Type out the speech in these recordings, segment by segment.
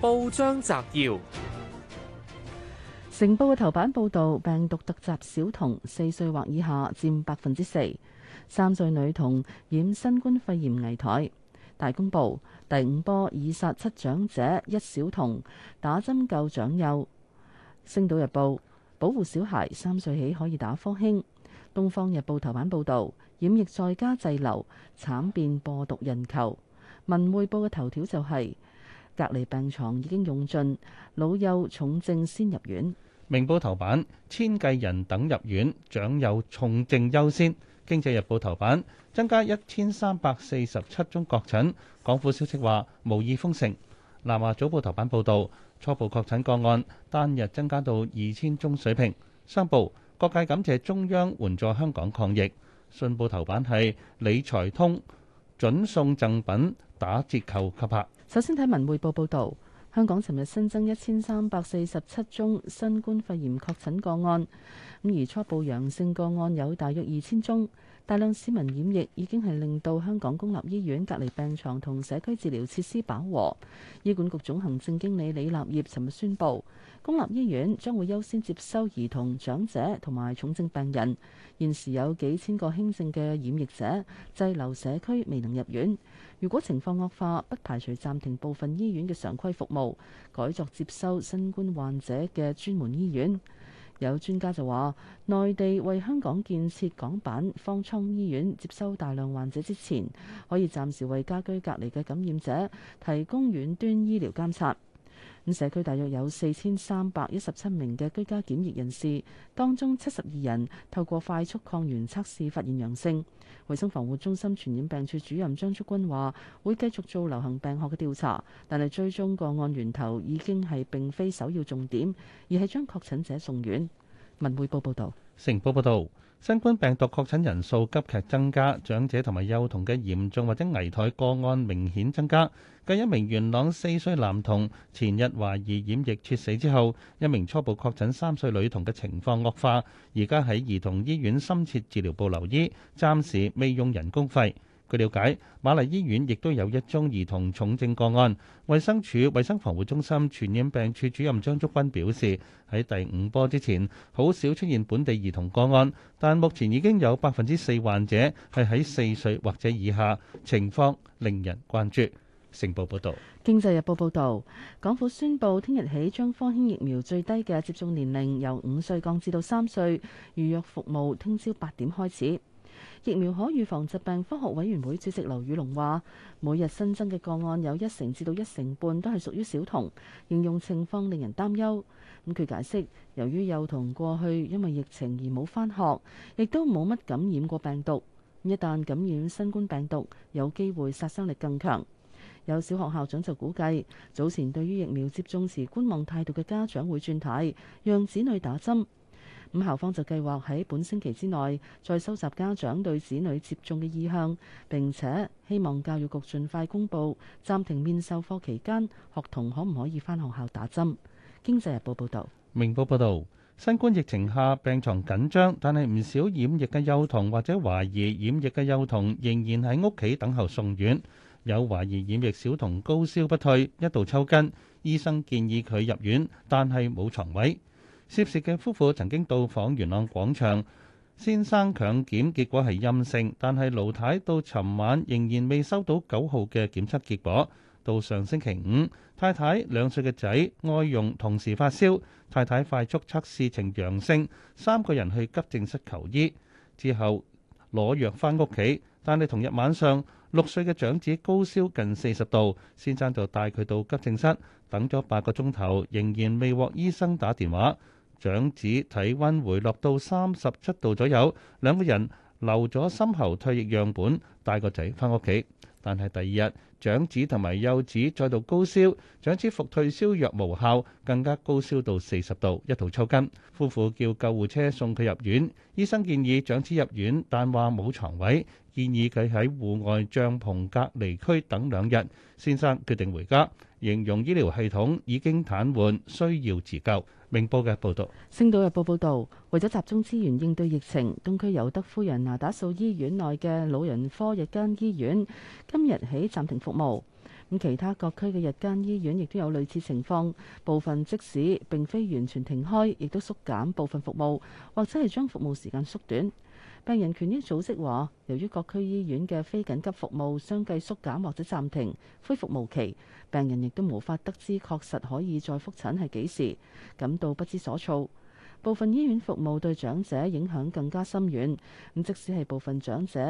報章摘要：成報嘅頭版報道病毒突襲小童，四歲或以下佔百分之四，三歲女童染新冠肺炎危殆。大公報第五波已殺七長者，一小童打針救長幼。星島日報保護小孩三歲起可以打科興。東方日報頭版報道染疫在家滯留，慘變播毒人球。文匯報嘅頭條就係、是。隔離病床已經用盡，老幼重症先入院。明報頭版：千計人等入院，長幼重症優先。經濟日報頭版：增加一千三百四十七宗確診。港府消息話無意封城。南華早報頭版報導初步確診個案單日增加到二千宗水平。商報各界感謝中央援助香港抗疫。信報頭版係理財通準送贈品打折扣吸客。首先睇文匯報報道，香港尋日新增一千三百四十七宗新冠肺炎確診個案，咁而初步陽性個案有大約二千宗，大量市民染疫已經係令到香港公立醫院隔離病床同社區治療設施飽和。醫管局總行政經理李立業尋日宣布。公立醫院將會優先接收兒童、長者同埋重症病人。現時有幾千個輕症嘅染疫者滯留社區未能入院。如果情況惡化，不排除暫停部分醫院嘅常規服務，改作接收新冠患者嘅專門醫院。有專家就話，內地為香港建設港版方艙醫院接收大量患者之前，可以暫時為家居隔離嘅感染者提供遠端醫療監察。咁社區大約有四千三百一十七名嘅居家檢疫人士，當中七十二人透過快速抗原測試發現陽性。衞生防護中心傳染病處主任張竹君話，會繼續做流行病學嘅調查，但係追蹤個案源頭已經係並非首要重點，而係將確診者送院。文匯報報道。成報報導。新冠病毒確診人數急劇增加，長者同埋幼童嘅嚴重或者危殆個案明顯增加。繼一名元朗四歲男童前日懷疑染疫猝死之後，一名初步確診三歲女童嘅情況惡化，而家喺兒童醫院深切治療部留醫，暫時未用人工肺。據了解，瑪麗醫院亦都有一宗兒童重症個案。衛生署衛生防護中心傳染病處主任張竹君表示，喺第五波之前，好少出現本地兒童個案，但目前已經有百分之四患者係喺四歲或者以下，情況令人關注。成報報導，《經濟日報》報導，港府宣布聽日起將科興疫苗最低嘅接種年齡由五歲降至到三歲，預約服務聽朝八點開始。疫苗可預防疾病科學委員會主席劉宇龍話：每日新增嘅個案有一成至到一成半都係屬於小童，形容情況令人擔憂。咁佢解釋，由於幼童過去因為疫情而冇返學，亦都冇乜感染過病毒，一旦感染新冠病毒，有機會殺傷力更強。有小學校長就估計，早前對於疫苗接種時觀望態度嘅家長會轉態，讓子女打針。咁校方就計劃喺本星期之內再收集家長對子女接種嘅意向，並且希望教育局盡快公佈暫停面授課期間學童可唔可以返學校打針。經濟日報報道。明報報道，新冠疫情下病床緊張，但係唔少染疫嘅幼童或者懷疑染疫嘅幼童仍然喺屋企等候送院。有懷疑染疫小童高燒不退，一度抽筋，醫生建議佢入院，但係冇床位。涉事嘅夫婦曾經到訪元朗廣場，先生強檢結果係陰性，但係盧太到尋晚仍然未收到九號嘅檢測結果。到上星期五，太太兩歲嘅仔外傭同時發燒，太太快速測試呈陽性，三個人去急症室求醫，之後攞藥翻屋企。但係同日晚上，六歲嘅長子高燒近四十度，先生就帶佢到急症室，等咗八個鐘頭，仍然未獲醫生打電話。長子體溫回落到三十七度左右，兩個人留咗深喉唾液樣本，帶個仔翻屋企。但係第二日，長子同埋幼子再度高燒，長子服退燒藥無效，更加高燒到四十度，一度抽筋。夫婦叫救護車送佢入院，醫生建議長子入院，但話冇床位，建議佢喺戶外帳篷隔離區等兩日。先生決定回家，形容醫療系統已經癱瘓，需要自救。明報嘅報道，《星島日報》報道，為咗集中資源應對疫情，東區尤德夫人那打素醫院內嘅老人科日間醫院今日起暫停服務，咁其他各區嘅日間醫院亦都有類似情況，部分即使並非完全停開，亦都縮減部分服務，或者係將服務時間縮短。病人權益組織話，由於各區醫院嘅非緊急服務相繼縮減或者暫停，恢復無期，病人亦都無法得知確實可以再覆診係幾時，感到不知所措。部分醫院服務對長者影響更加深遠。咁即使係部分長者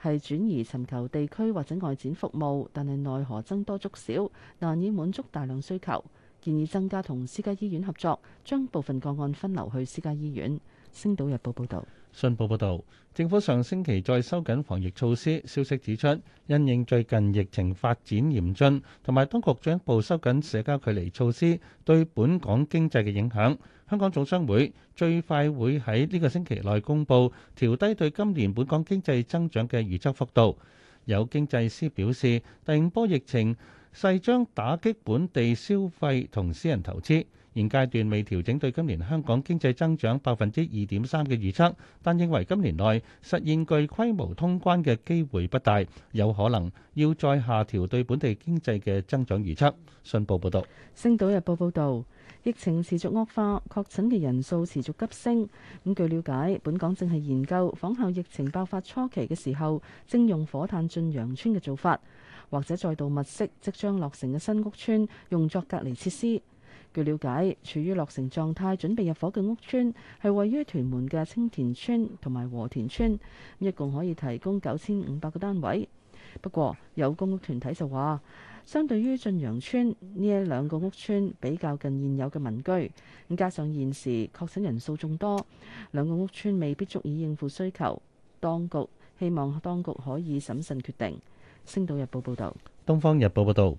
係轉移尋求地區或者外展服務，但係奈何僧多粥少，難以滿足大量需求。建議增加同私家醫院合作，將部分個案分流去私家醫院。星島日報報導。信報報道，政府上星期再收緊防疫措施。消息指出，因應最近疫情發展嚴峻，同埋當局進一步收緊社交距離措施，對本港經濟嘅影響，香港總商會最快會喺呢個星期內公布調低對今年本港經濟增長嘅預測幅度。有經濟師表示，第五波疫情勢將打擊本地消費同私人投資。現階段未調整對今年香港經濟增長百分之二點三嘅預測，但認為今年內實現具規模通關嘅機會不大，有可能要再下調對本地經濟嘅增長預測。信報報導。《星島日報》報道，疫情持續惡化，確診嘅人數持續急升。咁據瞭解，本港正係研究仿效疫情爆發初期嘅時候，正用火炭駿洋邨嘅做法，或者再度物色即將落成嘅新屋邨用作隔離設施。據了解，處於落成狀態、準備入伙嘅屋邨係位於屯門嘅青田邨同埋和田邨，一共可以提供九千五百個單位。不過，有公屋團體就話，相對於晉陽邨呢兩個屋邨比較近現有嘅民居，加上現時確診人數眾多，兩個屋邨未必足以應付需求。當局希望當局可以審慎決定。星島日報報道。東方日報報導。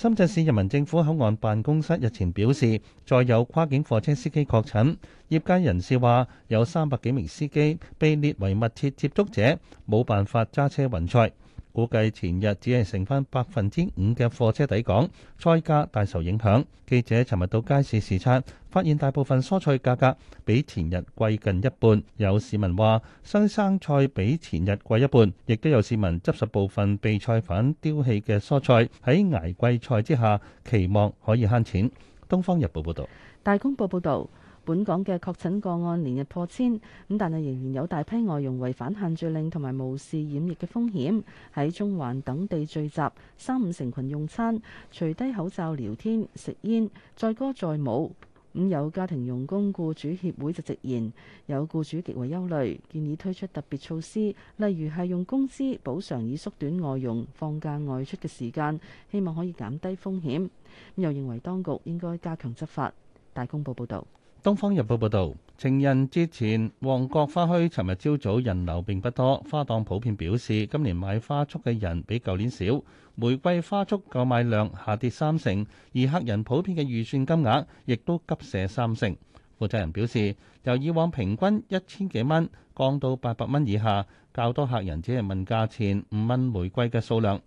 深圳市人民政府口岸辦公室日前表示，再有跨境貨車司機確診，業界人士話有三百幾名司機被列為密切接觸者，冇辦法揸車運菜。估計前日只係剩翻百分之五嘅貨車抵港，菜價大受影響。記者尋日到街市視察，發現大部分蔬菜價格比前日貴近一半。有市民話新生菜比前日貴一半，亦都有市民執拾部分被菜販丟棄嘅蔬菜，喺捱貴菜之下，期望可以慳錢。東方日報報道，大公報報道。本港嘅確診個案連日破千，咁但係仍然有大批外傭違反限聚令同埋無視染疫嘅風險，喺中環等地聚集三五成群用餐，除低口罩聊天、食煙、載歌載舞。咁有家庭用工僱，僱主協會就直言，有僱主極為憂慮，建議推出特別措施，例如係用工資補償以縮短外傭放假外出嘅時間，希望可以減低風險。又認為當局應該加強執法。大公報報導。《東方日報》報導，情人節前，旺角花墟，尋日朝早人流並不多，花檔普遍表示今年買花束嘅人比舊年少，玫瑰花束購買量下跌三成，而客人普遍嘅預算金額亦都急瀉三成。負責人表示，由以往平均一千幾蚊降到八百蚊以下，較多客人只係問價錢，唔問玫瑰嘅數量。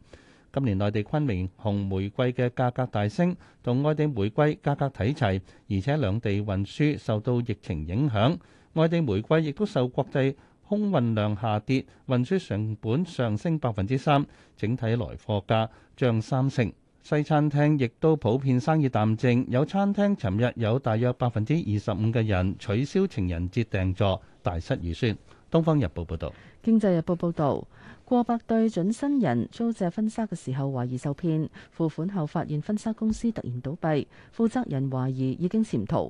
今年內地昆明紅玫瑰嘅價格大升，同外地玫瑰價格睇齊，而且兩地運輸受到疫情影響，外地玫瑰亦都受國際空運量下跌，運輸成本上升百分之三，整體來貨價漲三成。西餐廳亦都普遍生意淡靜，有餐廳尋日有大約百分之二十五嘅人取消情人節訂座，大失預算。《東方日報》報導，《經濟日報》報導，過百對準新人租借婚紗嘅時候懷疑受騙，付款後發現婚紗公司突然倒閉，負責人懷疑已經潛逃。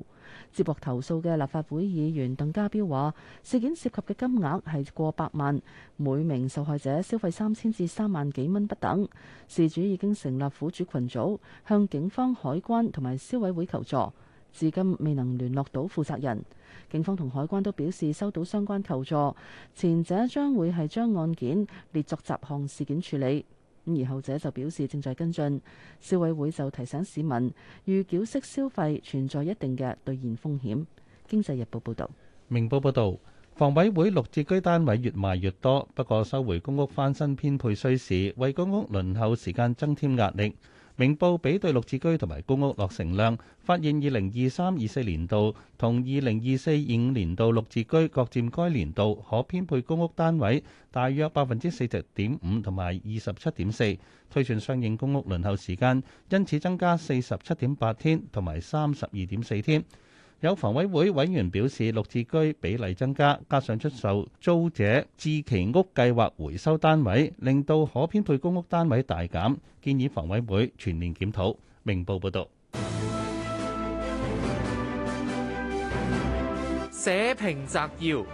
接獲投訴嘅立法會議員鄧家彪話：事件涉及嘅金額係過百萬，每名受害者消費三千至三萬幾蚊不等。事主已經成立苦主群組，向警方、海關同埋消委會求助。至今未能聯絡到負責人，警方同海關都表示收到相關求助，前者將會係將案件列作雜項事件處理，咁而後者就表示正在跟進。消委會就提醒市民，預繳式消費存在一定嘅兌現風險。經濟日報報導，明報報導，房委會綠置居單位越賣越多，不過收回公屋翻新編配需時，為公屋輪候時間增添壓力。明報比對綠置居同埋公屋落成量，發現二零二三二四年度同二零二四二五年度綠置居各佔該年度可編配公屋單位大約百分之四十點五同埋二十七點四，推算相應公屋輪候時間，因此增加四十七點八天同埋三十二點四天。有房委會委員表示，綠置居比例增加，加上出售租者置其屋計劃回收單位，令到可編配公屋單位大減，建議房委會全面檢討。明報報導。社評摘要。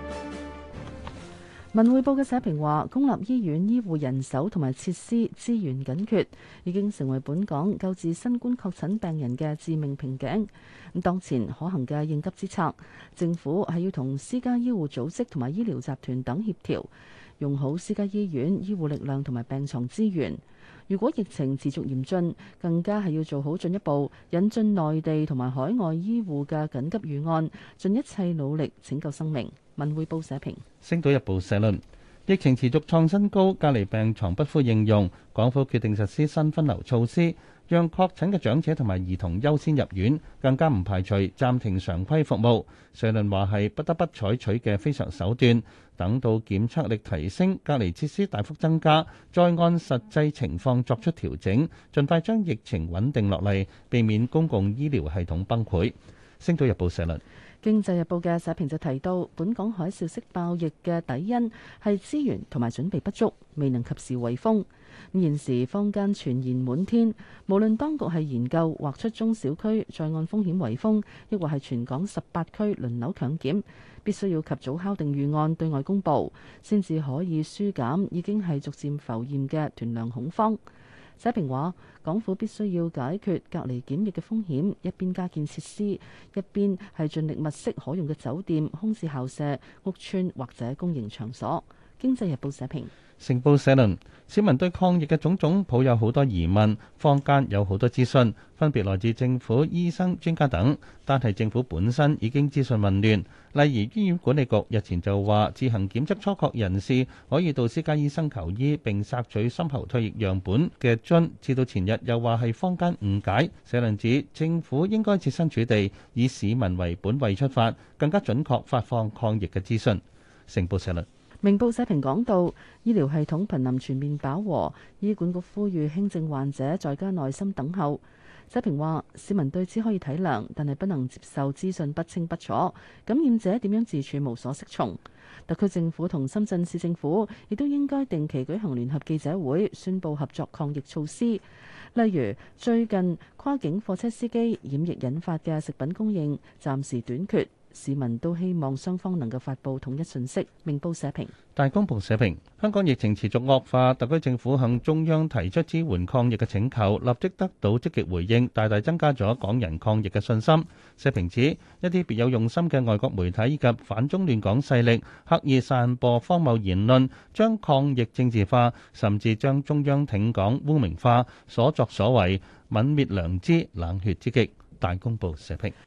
文匯報嘅社評話，公立醫院醫護人手同埋設施資源緊缺，已經成為本港救治新冠確診病人嘅致命瓶頸。咁當前可行嘅應急之策，政府係要同私家醫護組織同埋醫療集團等協調，用好私家醫院醫護力量同埋病床資源。如果疫情持續嚴峻，更加係要做好進一步引進內地同埋海外醫護嘅緊急預案，盡一切努力拯救生命。文匯報社評，星島日報社論。疫情持續創新高，隔離病床不敷應用，港府決定實施新分流措施，讓確診嘅長者同埋兒童優先入院，更加唔排除暫停常規服務。社論話係不得不採取嘅非常手段，等到檢測力提升、隔離設施大幅增加，再按實際情況作出調整，盡快將疫情穩定落嚟，避免公共醫療系統崩潰。星島日報社論。《經濟日報》嘅社評就提到，本港海嘯式爆疫嘅底因係資源同埋準備不足，未能及時圍封。咁現時坊間傳言滿天，無論當局係研究劃出中小區再按風險圍封，抑或係全港十八區輪流強檢，必須要及早敲定預案對外公佈，先至可以紓減已經係逐漸浮現嘅斷糧恐慌。社評話，港府必須要解決隔離檢疫嘅風險，一邊加建設施，一邊係盡力物色可用嘅酒店、空置校舍、屋邨或者公營場所。《經濟日報》社評，《成報》社論：市民對抗疫嘅種種抱有好多疑問，坊間有好多資訊，分別來自政府、醫生、專家等，但係政府本身已經資訊混亂。例如，醫院管理局日前就話自行檢測初確人士可以到私家醫生求醫，並索取深喉唾液樣本嘅樽，至到前日又話係坊間誤解。社論指政府應該設身處地，以市民為本位出發，更加準確發放抗疫嘅資訊。《成報》社論。明報社評講到，醫療系統瀕臨全面飽和，醫管局呼籲輕症患者在家耐心等候。社評話，市民對此可以體諒，但係不能接受資訊不清不楚，感染者點樣自處無所適從。特區政府同深圳市政府亦都應該定期舉行聯合記者會，宣佈合作抗疫措施。例如，最近跨境貨車司機染疫引發嘅食品供應暫時短缺。市民都希望雙方能夠發布統一信息，明報社評。大公報社評：香港疫情持續惡化，特區政府向中央提出支援抗疫嘅請求，立即得到積極回應，大大增加咗港人抗疫嘅信心。社評指一啲別有用心嘅外國媒體以及反中亂港勢力，刻意散播荒謬言論，將抗疫政治化，甚至將中央挺港污名化，所作所為泯滅良知、冷血之極。大公報社評。